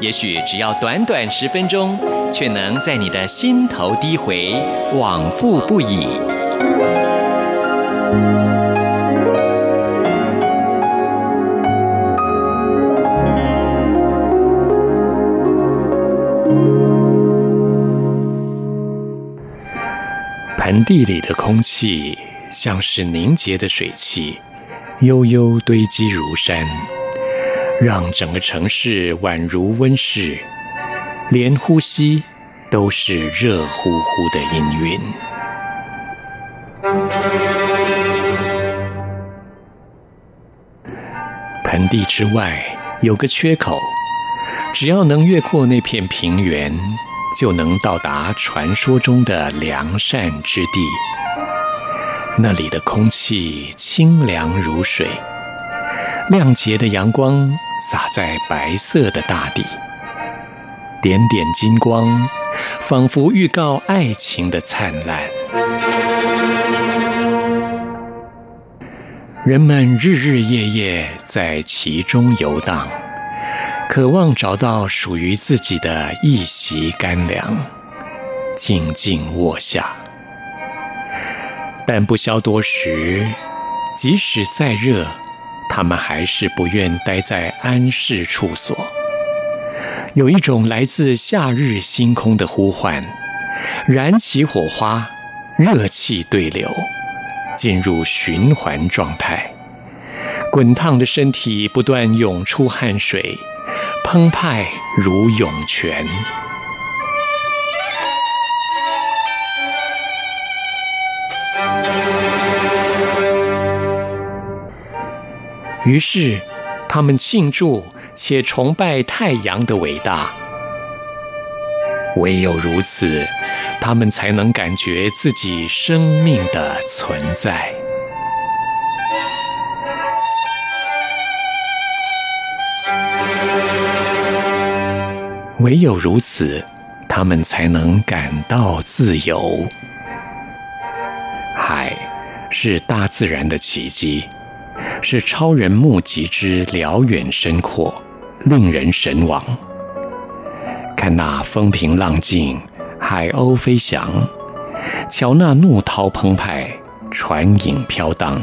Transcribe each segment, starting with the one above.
也許只要短短十分鐘，卻能在你的心頭低回，往復不已。盆地裡的空氣像是凝結的水汽，悠悠堆積如山。讓整個城市宛如溫室，連呼吸都是熱乎乎的氤氳。盆地之外有個缺口，只要能越過那片平原，就能到達傳說中的良善之地。那裡的空氣清涼如水。亮潔的陽光灑在白色的大地，點點金光，仿佛預告愛情的燦爛。人們日日夜夜在其中遊蕩，渴望找到屬於自己的一席甘涼，靜靜臥下。但不消多時，即使再熱。他們還是不願待在安適處所，有一種來自夏日星空的呼喚，燃起火花，熱氣對流，進入循環狀態，滾燙的身體不斷湧出汗水，澎湃如湧泉。於是，他們慶祝且崇拜太陽的偉大。唯有如此，他們才能感覺自己生命的存在。唯有如此，他們才能感到自由。海，是大自然的奇蹟。是超人目及之遼遠深闊，令人神往。看那風平浪靜，海鷗飛翔；瞧那怒濤澎湃，船影飄蕩。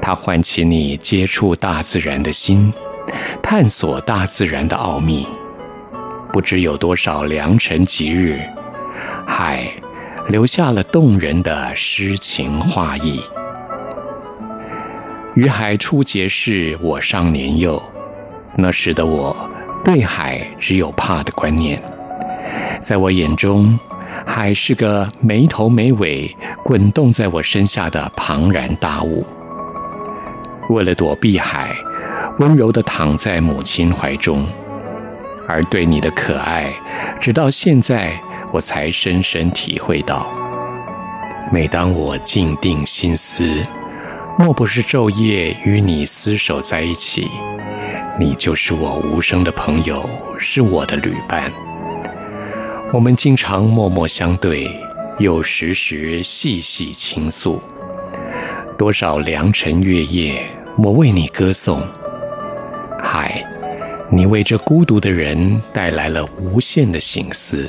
它喚起你接觸大自然的心，探索大自然的奧秘。不知有多少良辰吉日，海留下了動人的詩情畫意。與海初結識，我尚年幼。那時的我，對海只有怕的觀念。在我眼中，海是個沒頭沒尾、滾動在我身下的龐然大物。為了躲避海，溫柔地躺在母親懷中。而對你的可愛，直到現在我才深深體會到。每當我靜定心思。莫不是晝夜與你廝守在一起？你就是我無聲的朋友，是我的旅伴。我們經常默默相對，又時時細細傾訴。多少良辰月夜，我為你歌頌。海，你為這孤獨的人帶來了無限的情思，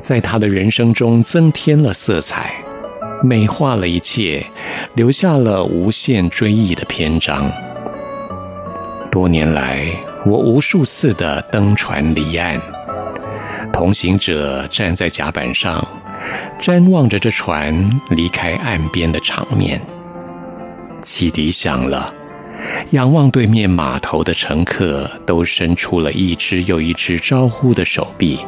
在他的人生中增添了色彩。美化了一切，留下了無限追憶的篇章。多年來，我無數次的登船離岸，同行者站在甲板上，瞻望着這船離開岸邊的場面。汽笛響了，仰望對面碼頭的乘客都伸出了一隻又一隻招呼的手臂，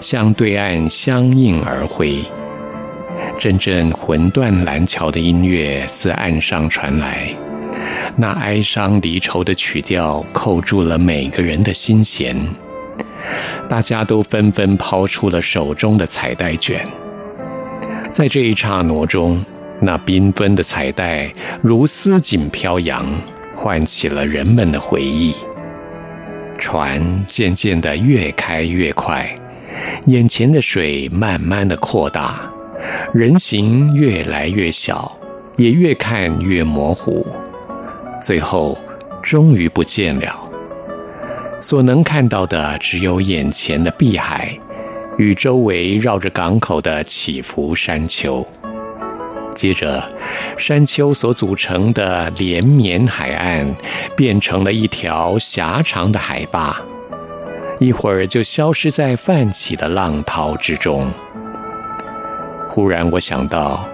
向對岸相應而揮。陣陣魂斷藍橋的音樂自岸上傳來，那哀傷離愁的曲調扣住了每個人的心弦。大家都紛紛拋出了手中的彩帶卷，在這一剎那中，那繽紛的彩帶如絲錦飄揚，喚起了人們的回憶。船漸漸的越開越快，眼前的水慢慢的擴大。人形越來越小，也越看越模糊，最後終於不見了。所能看到的只有眼前的碧海與周圍繞着港口的起伏山丘。接着，山丘所組成的連綿海岸變成了一條狹長的海壩，一會兒就消失在泛起的浪濤之中。忽然，我想到，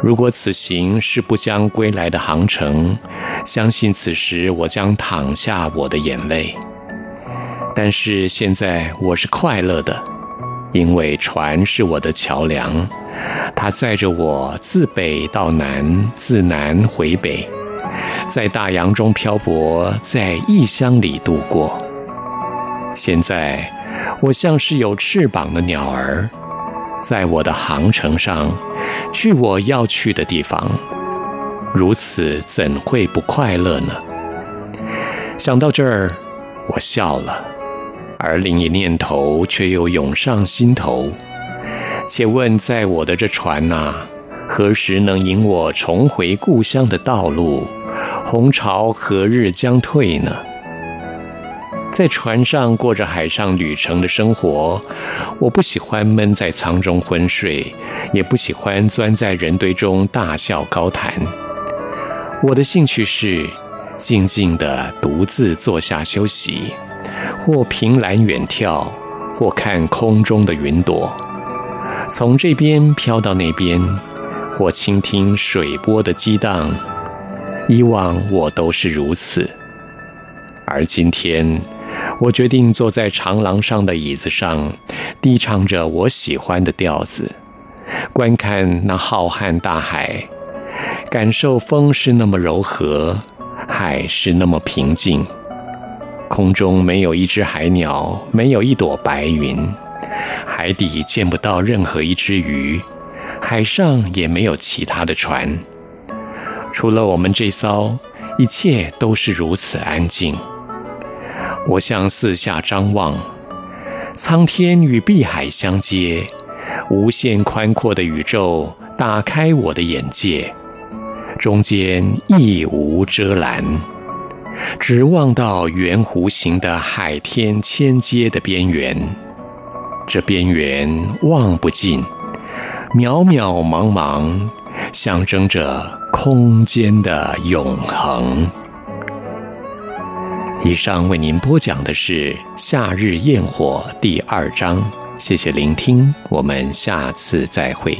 如果此行是不將歸來的航程，相信此時我將淌下我的眼淚。但是現在我是快樂的，因為船是我的橋梁，它載着我自北到南，自南回北，在大洋中漂泊，在異鄉裡度過。現在，我像是有翅膀的鳥兒。在我的航程上，去我要去的地方，如此怎會不快樂呢？想到這兒，我笑了，而另一念頭卻又湧上心頭：且問，在我的這船哪、啊，何時能引我重回故鄉的道路？紅潮何日將退呢？在船上過着海上旅程的生活，我不喜歡悶在艙中昏睡，也不喜歡鑽在人堆中大笑高談。我的興趣是靜靜地獨自坐下休息，或憑欄遠眺，或看空中的雲朵從這邊飄到那邊，或傾聽水波的激盪。以往我都是如此，而今天。我決定坐在長廊上的椅子上，低唱着我喜歡的調子，觀看那浩瀚大海，感受風是那麼柔和，海是那麼平靜。空中沒有一隻海鳥，沒有一朵白雲，海底見不到任何一隻魚，海上也沒有其他的船，除了我們這艘，一切都是如此安靜。我向四下張望，蒼天與碧海相接，無限寬闊的宇宙打開我的眼界，中間亦無遮攔，直望到圓弧形的海天銜接的邊緣，這邊緣望不盡，渺渺茫茫，象徵着空間的永恆。以上為您播講的是《夏日焰火》第二章，謝謝聆聽，我們下次再會。